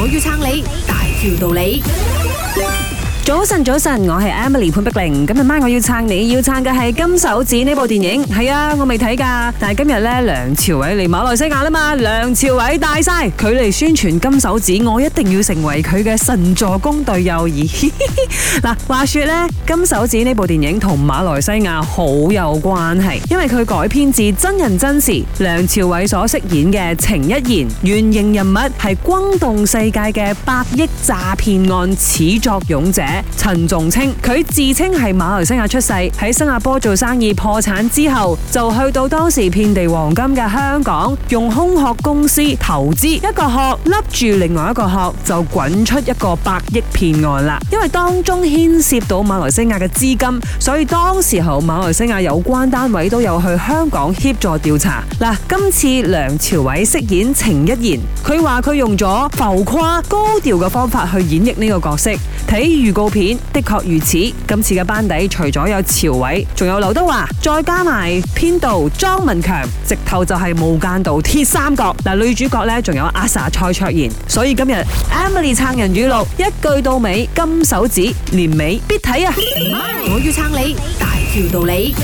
我要撐你，大條道理。早晨，早晨，我係 Emily 潘碧玲。今日晚我要撐你要撐嘅係《金手指》呢部電影。係啊，我未睇噶。但係今日咧，梁朝偉嚟馬來西亞啦嘛。梁朝偉大晒，佢嚟宣傳《金手指》，我一定要成為佢嘅神助攻隊友而。嗱，話說咧，《金手指》呢部電影同馬來西亞好有關係，因為佢改編自真人真事，梁朝偉所飾演嘅程一言，原型人物係轟動世界嘅百億詐騙案始作俑者。陳仲稱佢自稱係馬來西亞出世，喺新加坡做生意破產之後，就去到當時遍地黃金嘅香港，用空殼公司投資一個殼，笠住另外一個殼，就滾出一個百億騙案啦。因為當中牽涉到馬來西亞嘅資金，所以當時候馬來西亞有關單位都有去香港協助調查。嗱，今次梁朝偉飾演程一言，佢話佢用咗浮誇高調嘅方法去演繹呢個角色，睇預告。片的確如此，今次嘅班底除咗有朝偉，仲有劉德華，再加埋編導莊文強，直頭就係無間道鐵三角。嗱、呃，女主角呢仲有阿 sa 蔡卓妍，所以今日 Emily 撐人語錄一句到尾，金手指年尾必睇啊！我要撐你，大條道理。